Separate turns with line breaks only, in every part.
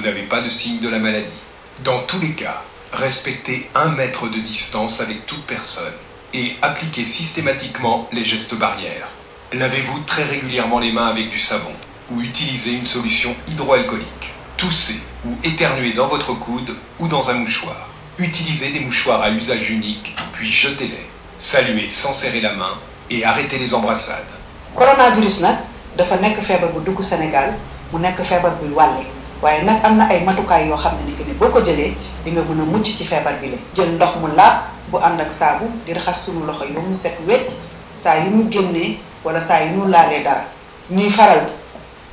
vous n'avez pas de signe de la maladie. Dans tous les cas, respectez un mètre de distance avec toute personne et appliquez systématiquement les gestes barrières. Lavez-vous très régulièrement les mains avec du savon ou utilisez une solution hydroalcoolique. Toussez ou éternuez dans votre coude ou dans un mouchoir. Utilisez des mouchoirs à usage unique, puis jetez-les. Saluez sans serrer la main et arrêtez les embrassades. coronavirus nak, dafa nek bu Sénégal walé. waaye nag am na ay matukaay yoo xam ne ni que ne boo ko jëlee di nga mën a mucc ci feebar bi la jël ndox mu laab bu ànd ak saabu di raxas suñu loxo yi mu set wecc saa yu ñu génnee wala saa yu ñu laalee dara ñuy faral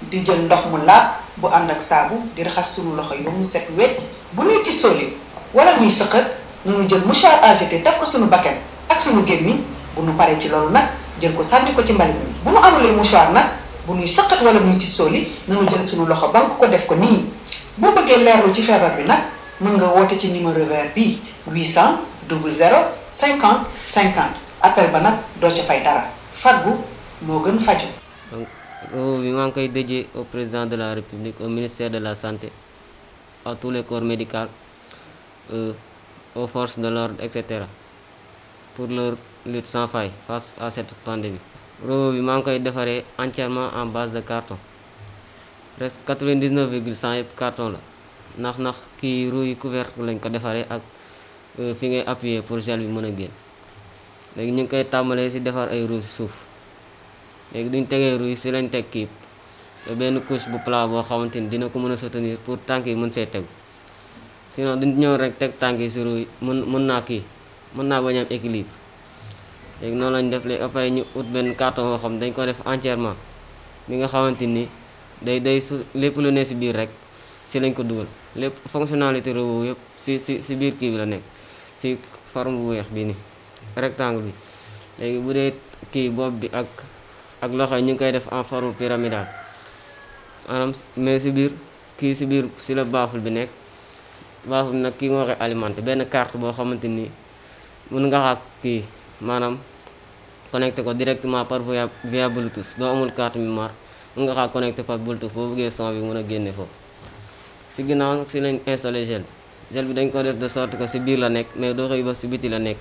di jël ndox mu laab bu ànd ak saabu di raxas suñu loxo yi mu set wecc bu ci soli wala ñuy sëqat ñu jël mouchoir à jeter def ko sunu bakkan ak suñu gémmiñ bu nu paree ci loolu nag jël ko sànni ko ci mbalit mi bu ñu amulee mouchoir nag Si ñuy saqat wala bu ñu ci sóoli nañu jël suñu loxo bank ko def ko nii boo bëggee leerlu ci feebar bi nag mën nga woote ci numéro vert bi 800 00 50 50 appel ba nag doo ca fay dara faggu moo gën faju
donc rendez-vous bi maa ngi koy dédié au président de la république au ministère de la santé à tous les corps médicaux euh, aux forces de l'ordre etc pour leur lutte sans faille face à cette pandémie robot bi maa ngi koy defaree entièrement en base de carton presque 99 virgule cent yëpp carton la ndax ndax kii roue yi couvercle lañ ko defaree ak euh, fi ngay appuyer pour gel bi mën a génn léegi ñu ngi koy tàmbalee ci defar ay roue ci suuf léegi duñ tegee roue si lañ teg kii benn couche bu plat boo xamante ni dina ko mën a soutenir pour tànk yi mën see tegu sinon duñ ñëw rek teg tànk yi ci roue yi mën mën naa kii mën naa bañ am équilibre léegi non lañ def léegi après ñu ut benn carton nga xam dañ ko def entièrement mi nga xamante ni day day su lépp lu ne si biir rek si lañ ko dugal lépp fonctionnalité robot yëpp si si si biir kii bi la nekk si forme bu weex bi ni rectangle bi léegi bu dee kii bopp bi ak ak loxo ñu koy def en forme pyramidale maanaam mais si biir kii si biir si la baaful bi nekk baaful nag kii moo koy alimenté benn carte boo xamante ni mun nga xaak kii maanaam connecté ko directement par via via doo amul carte mémoire mun nga xaa connecté par bluetooth boo bëggee son bi mun a génne foofu si ginnaaw nag si lañ installé gel bi gel bi dañ ko def de sorte que si biir la nekk mais doo xëy ba si biti la nekk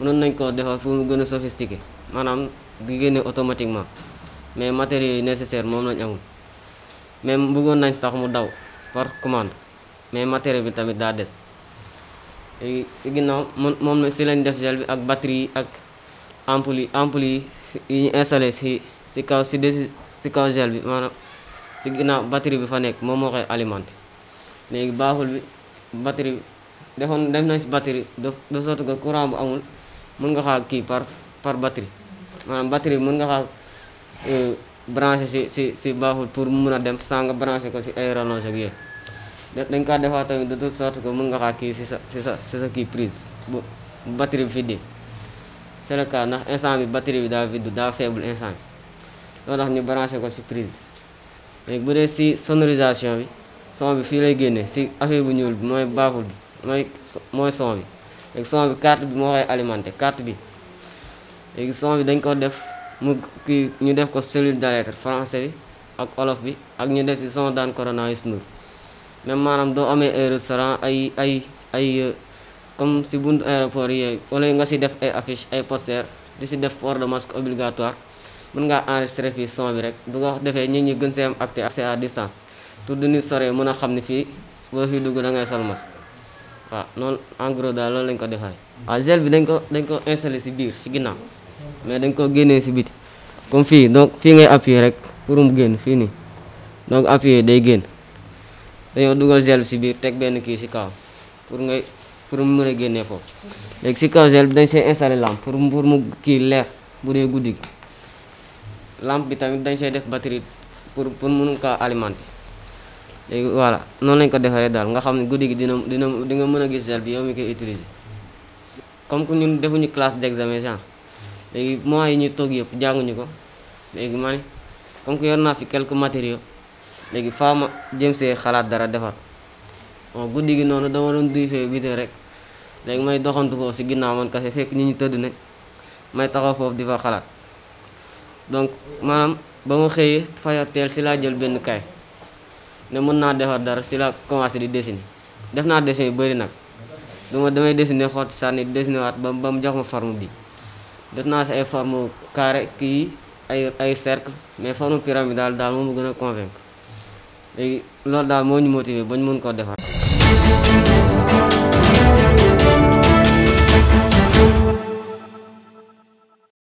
mënoon nañ koo defar fu mu gën a sophistiqué maanaam di génne automatiquement mais matériels yi nécessaire moom lañ amul même bëggoon nañ sax mu daw par commande mais matériel bi tamit daa des léegi si ginnaaw moom si lañ def gel bi ak batterie yi ak ampoule yi ampoule yi yi ñu installé si si kaw si desi si kaw gel bi maanaam si ginnaaw batterie bi fa nekk moom moo koy alimenté léegi baaxul bi batterie bi defoon def nañ si batterie de de sorte que courant bu amul mën nga xaa kii par par batterie maanaam batterie bi mën nga xaa euh, branché si si si baaxul pour mu mun a dem saa nga branché ko si ay rallonge ak yooyu dañ ko defaat tamit de toute sorte que mën nga xaa kii si sa si sa si sa kii prise bu batterie bi fiddee c'est le cas ndax instant bi batterie bi daa vide daa faible instant bi loolu tax ñu branché ko si prise mais bu dee si sonorisation bi son bi fii lay génnee si affaire bu ñuul bi mooy baaful bi mooy mooy son bi léegi son bi carte bi moo koy alimenté carte bi léegi son bi dañ ko def mu kii ñu def ko cellule de français bi ak olof bi ak ñu def si son daan corona yu snur même manam do amé ay restaurant ay ay ay comme si bund aéroport yé wala nga ci def ay eh, affiche ay poster di ci def port de masque obligatoire mën nga enregistrer fi son bi rek du nga defee ñi ñu gën see acte accès à distance tout de ni soré mëna xamni fi wo fi dugg da ngay sal masque wa non en gros da loolu lañ ko defaree a gel bi dañ ko dañ ko installer ci bir ci ginnam mais dañ ko génnee ci biti comme fi donc fi ngay appuyer rek pour mu génn fi ni donc appuyer day génn dañoo dugal gel bi si biir teg benn kii si kaw pour ngay pour mu mën a génnee foofu léegi si kaw gel bi dañ see installé lampe pour pour mu kii leer bu dee guddi gi làmp bi tamit dañ see def batterie pour pour mun kaa alimenter léegi voilà noonu lañ ko defaree daal nga xam ne guddi gi dina dina di nga mën a gis gel bi yow mi koy utiliser comme que ñu defuñu classe d'examen genre léegi mois yi ñu toog yëpp jànguñu ko léegi ma ne comme que yor léegi faa ma jëm see xalaat dara defar bon guddi gi noonu dama doon duy fee bite rek léegi may doxantu foofu si ginnaaw man kase fekk nit ñu tëdd nañ may taxaw foofu di fa xalaat donc maanaam ba mu xëyee faya teel si laa jël benn kay ne mën naa defar dara si laa commencé di dessiner def naa dessin yu bëri nag duma damay dessiner xoot sànni dessiner waat ba ba mu jox ma forme bi def naa si ay forme carré kii ay ay cercle mais forme pyramidal daal moom mu gën a convaincre léegi loolu daal moo ñu motivé ba ñu mën koo defar.